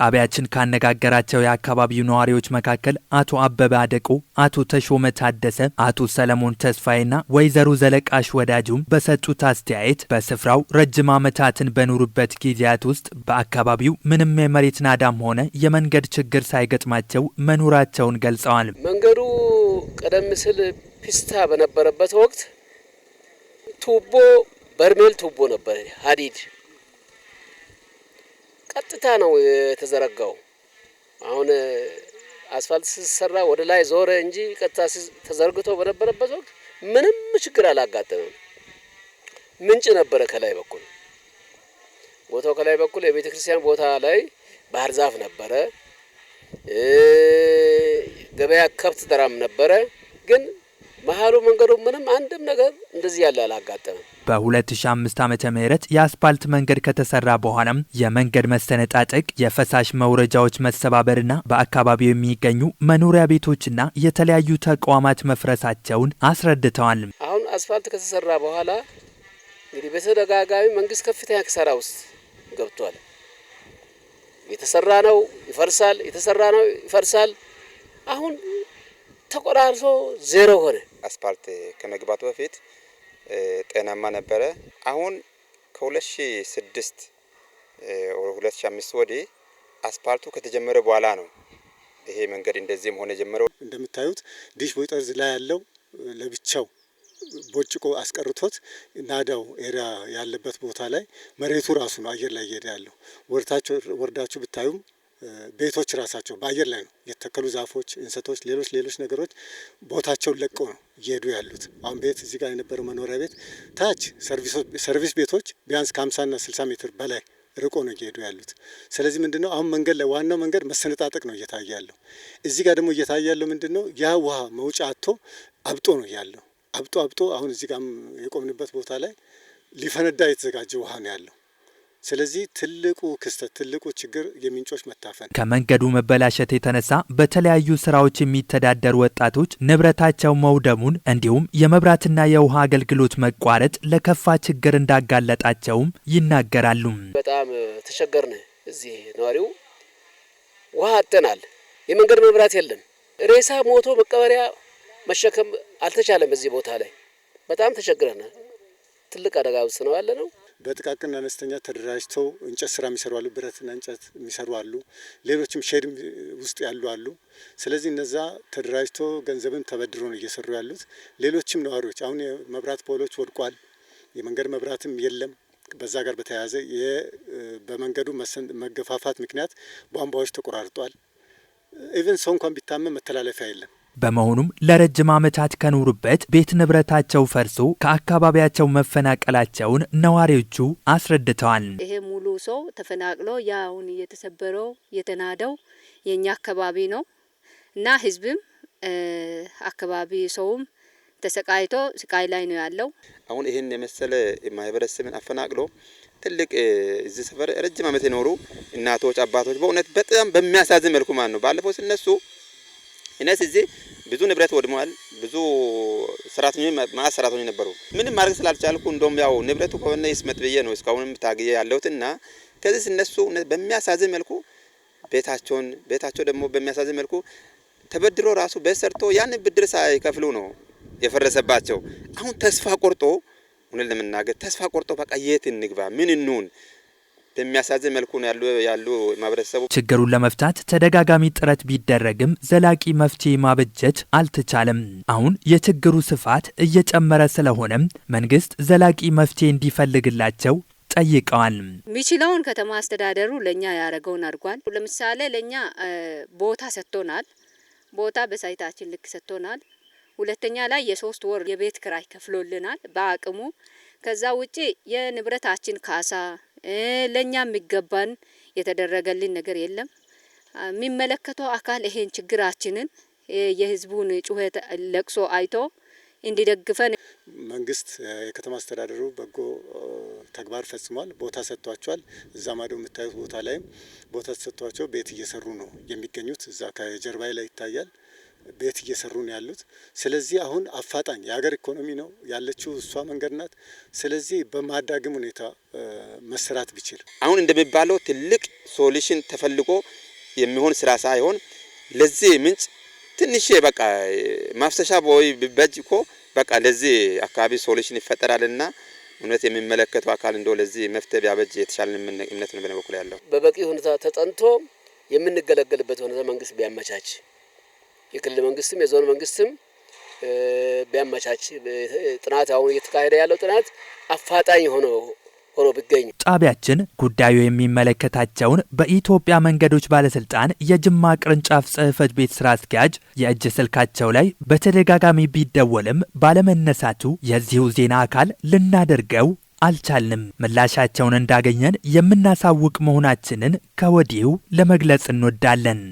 ጣቢያችን ካነጋገራቸው የአካባቢው ነዋሪዎች መካከል አቶ አበበ አደቆ፣ አቶ ተሾመ ታደሰ፣ አቶ ሰለሞን ተስፋዬና ወይዘሮ ዘለቃሽ ወዳጁም በሰጡት አስተያየት በስፍራው ረጅም ዓመታትን በኖሩበት ጊዜያት ውስጥ በአካባቢው ምንም የመሬት ናዳም ሆነ የመንገድ ችግር ሳይገጥማቸው መኖራቸውን ገልጸዋል። መንገዱ ቀደም ሲል ፒስታ በነበረበት ወቅት ቱቦ በርሜል ቱቦ ነበር ሀዲድ ቀጥታ ነው የተዘረጋው። አሁን አስፋልት ሲሰራ ወደ ላይ ዞረ እንጂ ቀጥታ ተዘርግቶ በነበረበት ወቅት ምንም ችግር አላጋጠመም። ምንጭ ነበረ ከላይ በኩል ቦታው ከላይ በኩል የቤተ ክርስቲያን ቦታ ላይ ባህር ዛፍ ነበረ፣ ገበያ ከብት ተራም ነበረ ግን ባህሩ መንገዱ ምንም አንድም ነገር እንደዚህ ያለ አላጋጠመም። በ2005 ዓ ምህረት የአስፓልት መንገድ ከተሰራ በኋላም የመንገድ መሰነጣጠቅ፣ የፈሳሽ መውረጃዎች መሰባበርና በአካባቢው የሚገኙ መኖሪያ ቤቶችና የተለያዩ ተቋማት መፍረሳቸውን አስረድተዋል። አሁን አስፋልት ከተሰራ በኋላ እንግዲህ በተደጋጋሚ መንግስት ከፍተኛ ክሰራ ውስጥ ገብቷል። የተሰራ ነው ይፈርሳል፣ የተሰራ ነው ይፈርሳል። አሁን ተቆራርሶ ዜሮ ሆነ። አስፓልት ከመግባቱ በፊት ጤናማ ነበረ። አሁን ከ2006 2005 ወዲህ አስፓልቱ ከተጀመረ በኋላ ነው ይሄ መንገድ እንደዚህም ሆነ ጀመረው። እንደምታዩት ዲሽ ቦይ ጠርዝ ላይ ያለው ለብቻው ቦጭቆ አስቀርቶት ናዳው ኤሪያ ያለበት ቦታ ላይ መሬቱ ራሱ ነው አየር ላይ እየሄደ ያለው። ወርዳችሁ ብታዩም ቤቶች ራሳቸው በአየር ላይ ነው የተተከሉ ዛፎች፣ እንሰቶች፣ ሌሎች ሌሎች ነገሮች ቦታቸውን ለቀው ነው እየሄዱ ያሉት። አሁን ቤት እዚህ ጋር የነበረው መኖሪያ ቤት ታች ሰርቪስ ቤቶች ቢያንስ ከሀምሳና ስልሳ ሜትር በላይ ርቆ ነው እየሄዱ ያሉት። ስለዚህ ምንድን ነው አሁን መንገድ ላይ ዋናው መንገድ መሰነጣጠቅ ነው እየታየ ያለው። እዚህ ጋር ደግሞ እየታየ ያለው ምንድን ነው ያ ውሃ መውጫ አቶ አብጦ ነው ያለው። አብጦ አብጦ አሁን እዚህ ጋር የቆምንበት ቦታ ላይ ሊፈነዳ የተዘጋጀ ውሃ ነው ያለው። ስለዚህ ትልቁ ክስተት ትልቁ ችግር የምንጮች መታፈን ከመንገዱ መበላሸት የተነሳ በተለያዩ ስራዎች የሚተዳደሩ ወጣቶች ንብረታቸው መውደሙን እንዲሁም የመብራትና የውሃ አገልግሎት መቋረጥ ለከፋ ችግር እንዳጋለጣቸውም ይናገራሉ። በጣም ተቸገርን። እዚህ ነዋሪው ውሃ አጠናል። የመንገድ መብራት የለም። ሬሳ ሞቶ መቀበሪያ መሸከም አልተቻለም። እዚህ ቦታ ላይ በጣም ተቸግረናል። ትልቅ አደጋ ውስጥ ነው ያለ ነው። በጥቃቅንና አነስተኛ ተደራጅተው እንጨት ስራ የሚሰሩ አሉ፣ ብረትና እንጨት የሚሰሩ አሉ፣ ሌሎችም ሼድ ውስጥ ያሉ አሉ። ስለዚህ እነዛ ተደራጅቶ ገንዘብን ተበድሮ ነው እየሰሩ ያሉት። ሌሎችም ነዋሪዎች አሁን የመብራት ፖሎች ወድቋል፣ የመንገድ መብራትም የለም። በዛ ጋር በተያያዘ በመንገዱ መገፋፋት ምክንያት ቧንቧዎች ተቆራርጧል። ኢቨን ሰው እንኳን ቢታመም መተላለፊያ የለም። በመሆኑም ለረጅም ዓመታት ከኖሩበት ቤት ንብረታቸው ፈርሶ ከአካባቢያቸው መፈናቀላቸውን ነዋሪዎቹ አስረድተዋል። ይሄ ሙሉ ሰው ተፈናቅሎ ያሁን እየተሰበረው የተናደው የእኛ አካባቢ ነው እና ህዝብም አካባቢ ሰውም ተሰቃይቶ ስቃይ ላይ ነው ያለው። አሁን ይህን የመሰለ ማህበረሰብን አፈናቅሎ ትልቅ እዚህ ሰፈር ረጅም ዓመት የኖሩ እናቶች፣ አባቶች በእውነት በጣም በሚያሳዝን መልኩ ማለት ነው ባለፈው ስነሱ እና ስለዚህ ብዙ ንብረት ወድመዋል። ብዙ ሰራተኞች ማስ ሰራተኞች ነበሩ። ምንም ማድረግ ስላልቻልኩ እንደውም ያው ንብረቱ ከሆነ ይስመት ብዬ ነው እስካሁንም ታግዬ ያለሁት እና ከዚህ እነሱ በሚያሳዝን መልኩ ቤታቸውን ቤታቸው ደግሞ በሚያሳዝን መልኩ ተበድሮ ራሱ ቤት ሰርቶ ብድር ሳይከፍሉ ነው የፈረሰባቸው። አሁን ተስፋ ቆርጦ እውነት ለመናገር ተስፋ ቆርጦ በቃ የት እንግባ ምን እንሁን በሚያሳዝን መልኩ ነው ያሉ ያሉ ማህበረሰቡ ችግሩን ለመፍታት ተደጋጋሚ ጥረት ቢደረግም ዘላቂ መፍትሄ ማበጀት አልተቻለም። አሁን የችግሩ ስፋት እየጨመረ ስለሆነም መንግስት ዘላቂ መፍትሄ እንዲፈልግላቸው ጠይቀዋል። የሚችለውን ከተማ አስተዳደሩ ለእኛ ያደረገውን አድርጓል። ለምሳሌ ለእኛ ቦታ ሰጥቶናል። ቦታ በሳይታችን ልክ ሰጥቶናል። ሁለተኛ ላይ የሶስት ወር የቤት ክራይ ከፍሎልናል በአቅሙ። ከዛ ውጪ የንብረታችን ካሳ ለኛ የሚገባን የተደረገልን ነገር የለም። የሚመለከተው አካል ይሄን ችግራችንን የህዝቡን ጩኸት፣ ለቅሶ አይቶ እንዲደግፈን መንግስት የከተማ አስተዳደሩ በጎ ተግባር ፈጽሟል። ቦታ ሰጥቷቸዋል። እዛ ማዶ የምታዩት ቦታ ላይም ቦታ ተሰጥቷቸው ቤት እየሰሩ ነው የሚገኙት። እዛ ከጀርባይ ላይ ይታያል። ቤት እየሰሩ ነው ያሉት። ስለዚህ አሁን አፋጣኝ የሀገር ኢኮኖሚ ነው ያለችው እሷ መንገድ ናት። ስለዚህ በማዳግም ሁኔታ መሰራት ቢችል አሁን እንደሚባለው ትልቅ ሶሉሽን ተፈልጎ የሚሆን ስራ ሳይሆን ለዚህ ምንጭ ትንሽ በቃ ማፍሰሻ ወይ ቢበጅ እኮ በቃ ለዚህ አካባቢ ሶሉሽን ይፈጠራልና እውነት የሚመለከተው አካል እንደው ለዚህ መፍትሄ ቢያበጅ የተሻለ እምነት ነው በኩል ያለው በበቂ ሁኔታ ተጠንቶ የምንገለገልበት ሁኔታ መንግስት ቢያመቻች የክልል መንግስትም የዞን መንግስትም ቢያመቻች ጥናት አሁን እየተካሄደ ያለው ጥናት አፋጣኝ ሆኖ ሆኖ ቢገኝ ጣቢያችን ጉዳዩ የሚመለከታቸውን በኢትዮጵያ መንገዶች ባለስልጣን የጅማ ቅርንጫፍ ጽህፈት ቤት ስራ አስኪያጅ የእጅ ስልካቸው ላይ በተደጋጋሚ ቢደወልም ባለመነሳቱ የዚሁ ዜና አካል ልናደርገው አልቻልንም። ምላሻቸውን እንዳገኘን የምናሳውቅ መሆናችንን ከወዲሁ ለመግለጽ እንወዳለን።